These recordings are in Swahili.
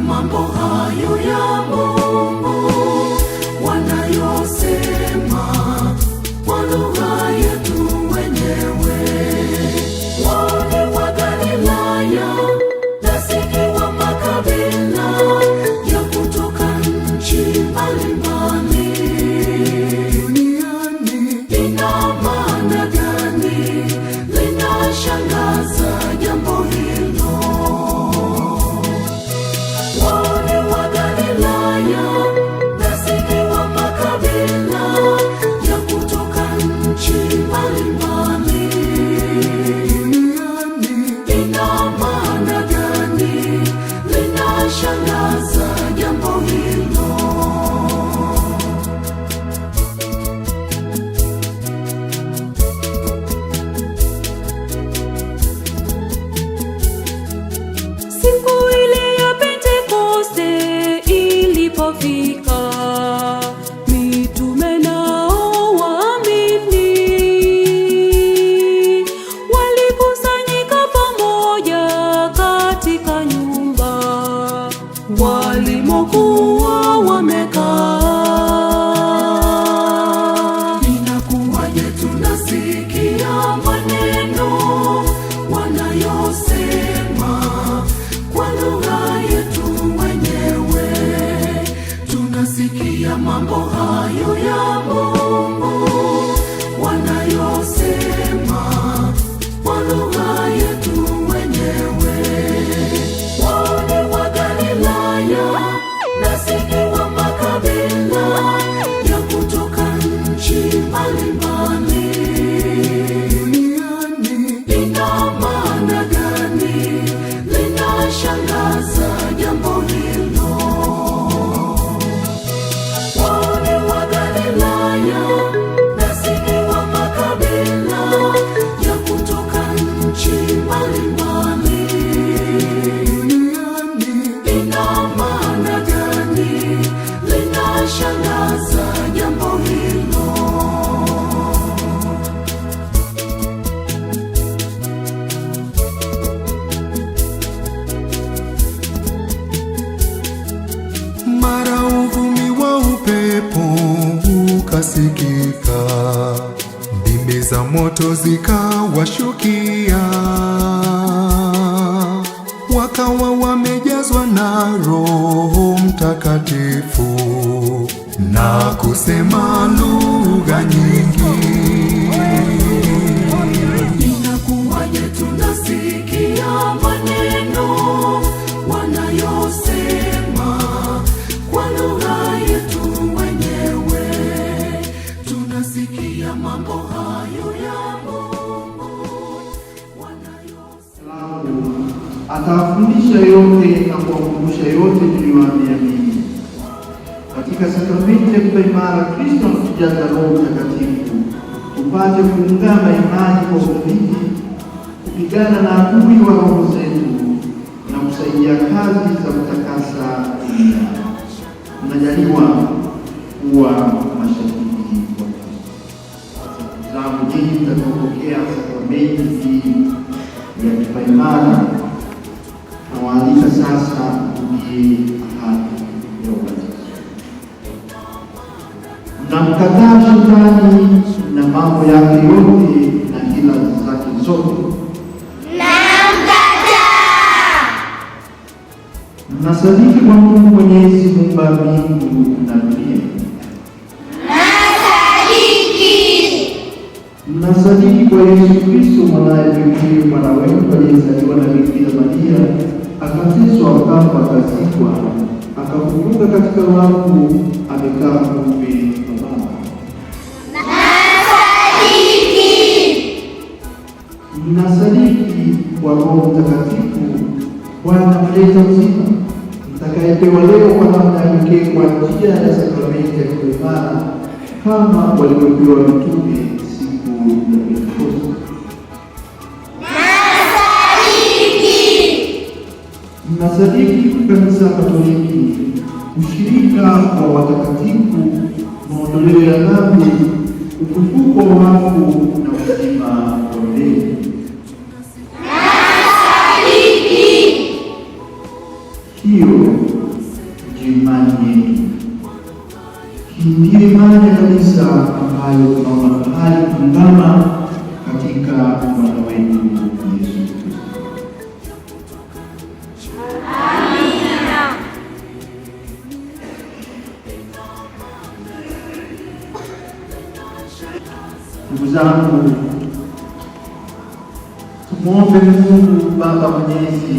mambo hayo yamo zikawashukia, wakawa wamejazwa na Roho Mtakatifu na kusema lugha nyingi. kuwakumbusha yote na kuwakumbusha yote niliyowaambia mimi. Katika sakramenti ya kupaimara Kristo anatujaza Roho Mtakatifu tupate kuungama imani kwa udhabiti, kupigana na adui wa roho zetu na kusaidia kazi za kutakasa dunia. kuwa mashahidi wa Kristo. Zangu nyinyi mtakapopokea sakramenti hii ya kupaimara kuwaalika sasa mji ahadi ya ubatizo. Mnamkataa Shetani na mambo yake yote na hila zake zote, namkataa. Mnasadiki kwa Mungu Mwenyezi, muumba mbingu na dunia, Mnasadiki kwa Yesu Kristo, mwanaye pekee, mwana wenu aliyezaliwa na Bikira Maria akateswa mpaka akazikwa, akafufuka katika wafu, amekaa kumbi wa Baba. Mnasadiki kwa Roho Mtakatifu, Bwana mleta uzima, mtakayepewa leo kwa namna ya pekee kwa njia ya sakramenti ya kiungano, kama walivyopewa mitume Nasadiki Kanisa Katoliki, ushirika wa watakatifu, maondoleo ya dhambi, ufufuko wa wafu na uzima wa milele. Nasadiki hiyo imani ndiyo imani ya kanisa ambayo tunaona mahali kungama zangu. Tumwombe Mungu Baba Mwenyezi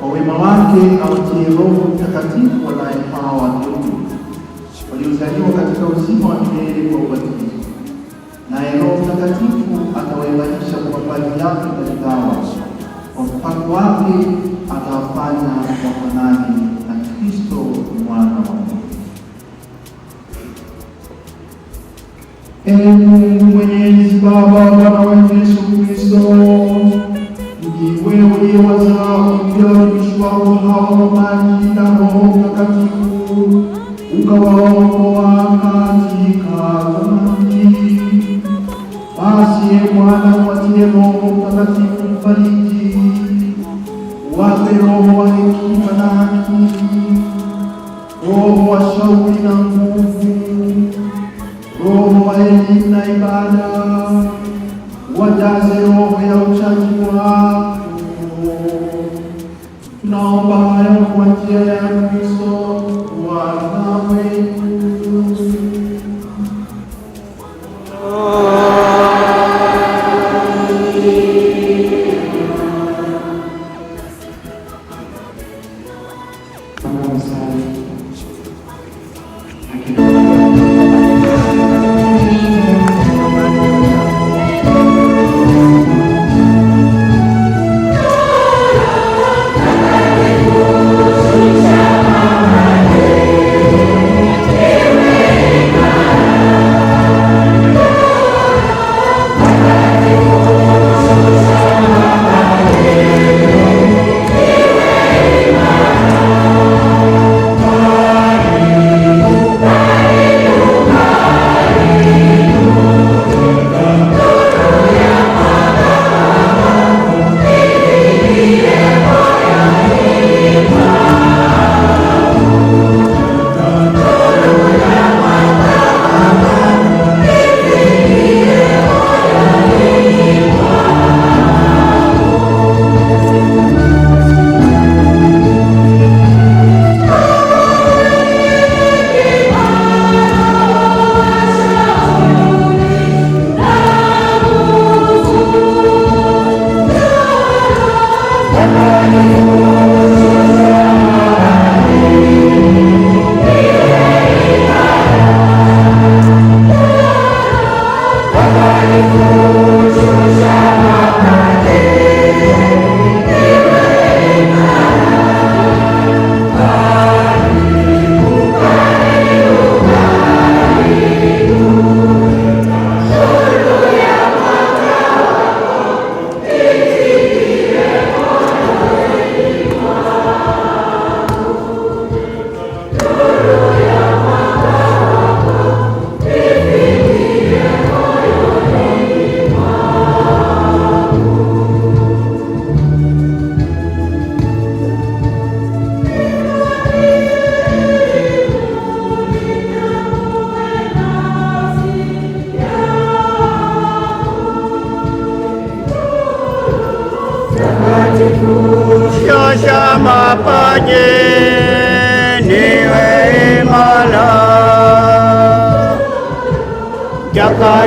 kwa wema wake autie Roho Mtakatifu wanaye hawa wadogo waliozaliwa katika uzima wa milele kwa ubatizo, naye Roho Mtakatifu atawaimarisha kwa mbali yake malighawa kwa mpango wake atawafanya wafanane na Kristo mwana wa Mungu. Ee na Baba na wa Yesu Kristo, ndiwe uliyewazaa upya watumishi wako hao kwa maji na Roho Mtakatifu, ukawaokoa katika dhambi. Basi Bwana, uwatie Roho Mtakatifu Mfariji, wape Roho wa hekima na haki, Roho wa shauri na nguvu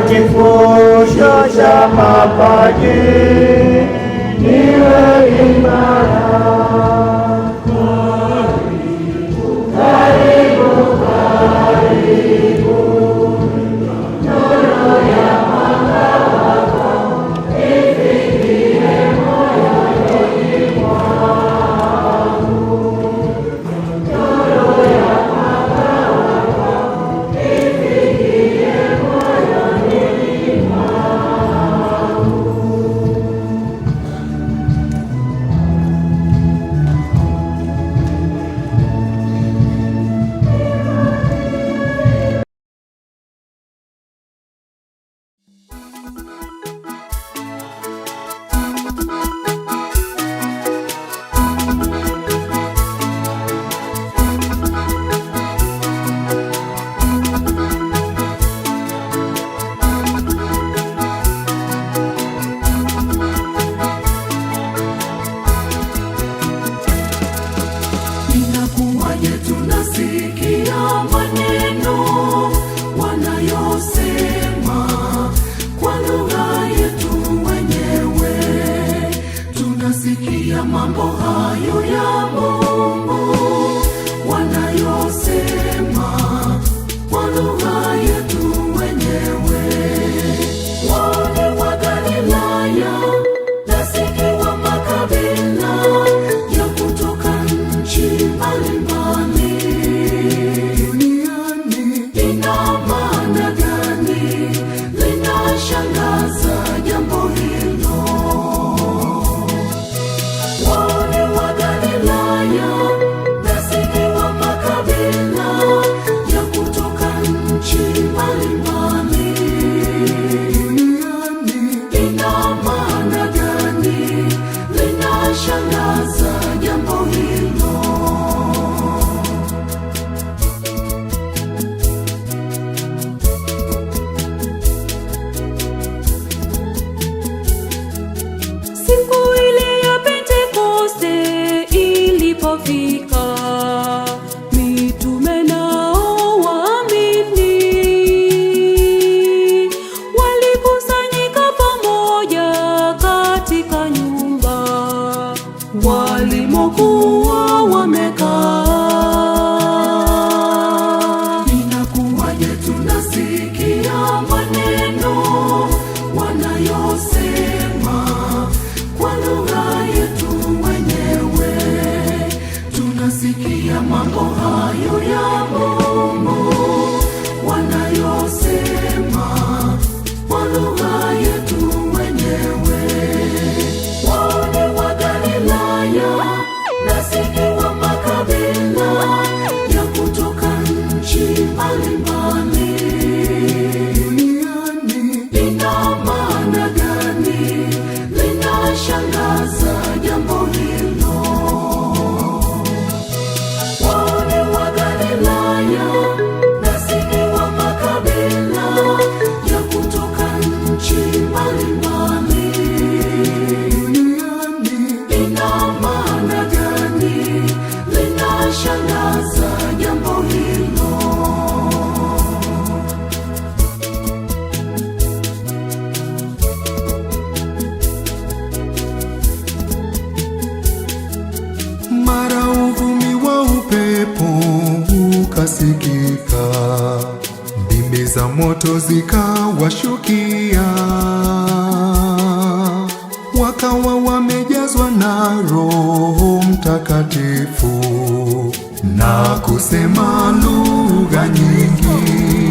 kifundo cha mapaji, niwe imara moto zikawashukia, wakawa wamejazwa na Roho Mtakatifu na kusema lugha nyingi.